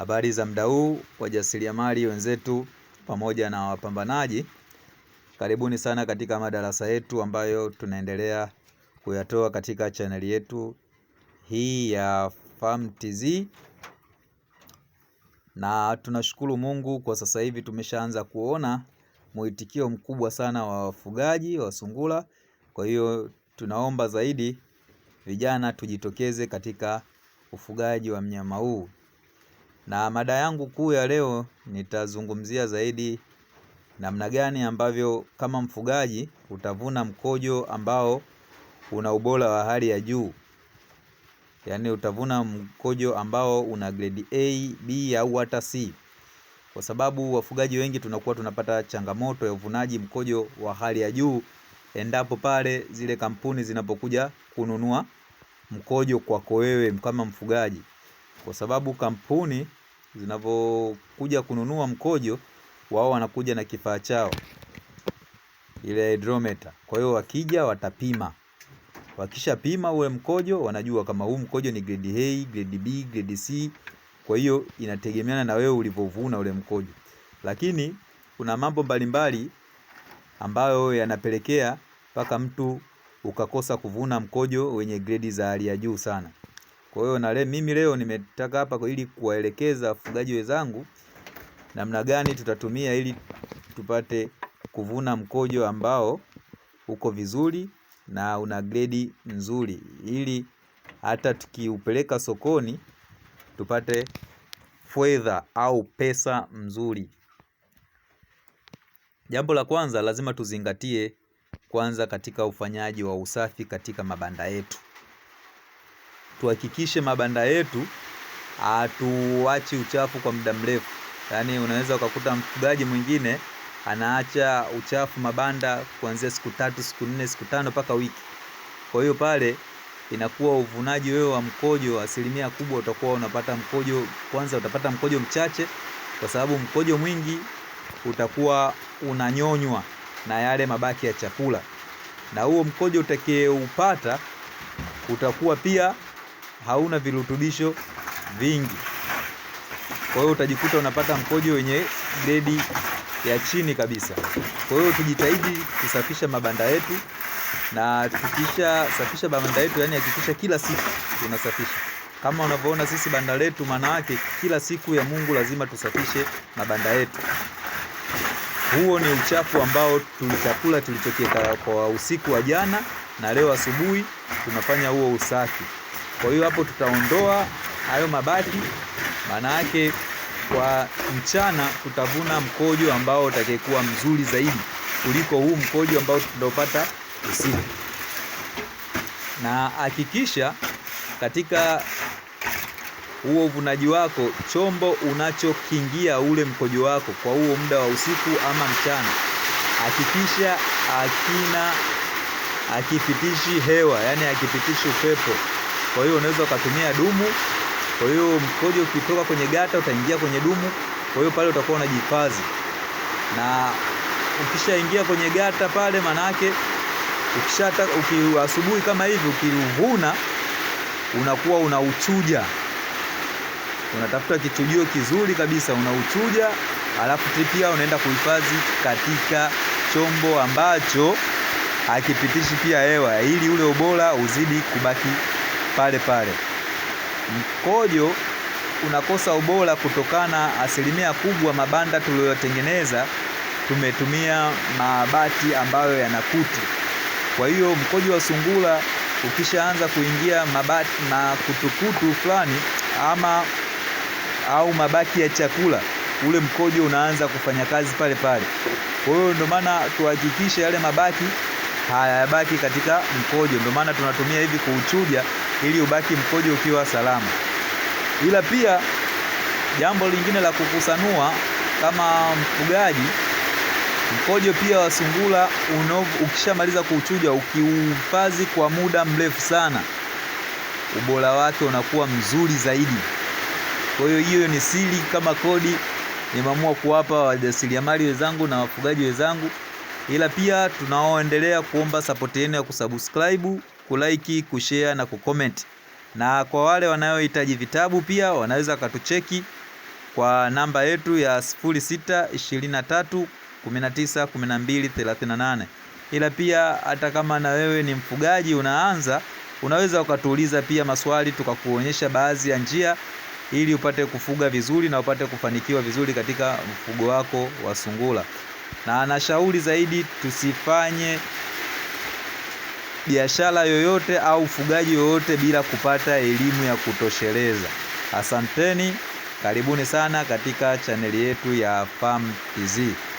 habari za mda huu wajasiriamali wenzetu pamoja na wapambanaji, karibuni sana katika madarasa yetu ambayo tunaendelea kuyatoa katika chaneli yetu hii ya Farm tz na tunashukuru Mungu kwa sasa hivi tumeshaanza kuona mwitikio mkubwa sana wa wafugaji wa sungura. Kwa hiyo tunaomba zaidi vijana tujitokeze katika ufugaji wa mnyama huu. Na mada yangu kuu ya leo nitazungumzia zaidi namna gani ambavyo kama mfugaji utavuna mkojo ambao una ubora wa hali ya juu. Yaani utavuna mkojo ambao una grade A, B au hata C. Kwa sababu wafugaji wengi tunakuwa tunapata changamoto ya uvunaji mkojo wa hali ya juu endapo pale zile kampuni zinapokuja kununua mkojo kwako wewe kama mfugaji. Kwa sababu kampuni zinapokuja kununua mkojo, wao wanakuja na kifaa chao ile hydrometer. Kwa hiyo wakija watapima, wakishapima ule mkojo wanajua kama huu mkojo ni grade A, grade B, grade C. Kwa hiyo inategemeana na wewe ulivyovuna ule mkojo, lakini kuna mambo mbalimbali ambayo yanapelekea mpaka mtu ukakosa kuvuna mkojo wenye gredi za hali ya juu sana. Kwa hiyo na mimi leo nimetaka hapa kwa ili kuwaelekeza wafugaji wenzangu namna gani tutatumia ili tupate kuvuna mkojo ambao uko vizuri na una gredi nzuri ili hata tukiupeleka sokoni tupate fedha au pesa mzuri. Jambo la kwanza lazima tuzingatie kwanza katika ufanyaji wa usafi katika mabanda yetu tuhakikishe mabanda yetu hatuachi uchafu kwa muda mrefu. Yaani unaweza ukakuta mfugaji mwingine anaacha uchafu mabanda kuanzia siku tatu, siku nne, siku tano mpaka wiki. Kwa hiyo pale inakuwa uvunaji wewe wa mkojo asilimia kubwa utakuwa unapata mkojo, kwanza utapata mkojo mchache kwa sababu mkojo mwingi utakuwa unanyonywa na yale mabaki ya chakula, na huo mkojo utakayeupata utakuwa pia hauna virutubisho vingi. Kwa hiyo utajikuta unapata mkojo wenye gredi ya chini kabisa. Kwa hiyo tujitahidi kusafisha mabanda yetu na tukisha safisha mabanda yetu, yani hakikisha kila siku tunasafisha. Kama unavyoona sisi banda letu, maana yake kila siku ya Mungu lazima tusafishe mabanda yetu. Huo ni uchafu ambao tulichakula tulichokieka kwa usiku wa jana, na leo asubuhi tunafanya huo usafi. Kwa hiyo hapo tutaondoa hayo mabati, maana yake kwa mchana tutavuna mkojo ambao utakayekuwa mzuri zaidi kuliko huu mkojo ambao tunaopata usiku. Na hakikisha katika huo uvunaji wako, chombo unachokingia ule mkojo wako kwa huo muda wa usiku ama mchana, hakikisha akina akipitishi hewa, yani akipitishi upepo. Kwa hiyo unaweza ukatumia dumu. Kwa hiyo mkojo ukitoka kwenye gata utaingia kwenye dumu, kwa hiyo pale utakuwa unajihifadhi, na ukishaingia kwenye gata pale, manake ukishata asubuhi kama hivi ukivuna, unakuwa unauchuja, unatafuta kichujio kizuri kabisa, unauchuja alafu pia unaenda kuhifadhi katika chombo ambacho hakipitishi pia hewa, ili ule ubora uzidi kubaki pale pale. Mkojo unakosa ubora kutokana asilimia kubwa mabanda tuliyotengeneza tumetumia mabati ambayo yana kutu Kwa hiyo mkojo wa sungura ukishaanza kuingia mabati na kutukutu fulani ama au mabaki ya chakula, ule mkojo unaanza kufanya kazi pale pale. Kwa hiyo ndio maana tuhakikishe yale mabaki hayabaki katika mkojo, ndio maana tunatumia hivi kuuchuja ili ubaki mkojo ukiwa salama. Ila pia jambo lingine la kukusanua kama mfugaji, mkojo pia wa sungura ukishamaliza kuuchuja, ukiuhifadhi kwa muda mrefu sana, ubora wake unakuwa mzuri zaidi. Kwa hiyo hiyo ni siri kama kodi nimeamua kuwapa wajasiriamali wenzangu na wafugaji wenzangu ila pia tunaoendelea kuomba sapoti yenu ya kusubscribe, kulike, kushare na kucomment. Na kwa wale wanaohitaji vitabu pia wanaweza wakatucheki kwa namba yetu ya 0623 19 12 38. Ila pia hata kama na wewe ni mfugaji unaanza, unaweza ukatuuliza pia maswali tukakuonyesha baadhi ya njia ili upate kufuga vizuri na upate kufanikiwa vizuri katika mfugo wako wa sungura na anashauri zaidi tusifanye biashara yoyote au ufugaji yoyote bila kupata elimu ya kutosheleza. Asanteni, karibuni sana katika chaneli yetu ya Farm TZ.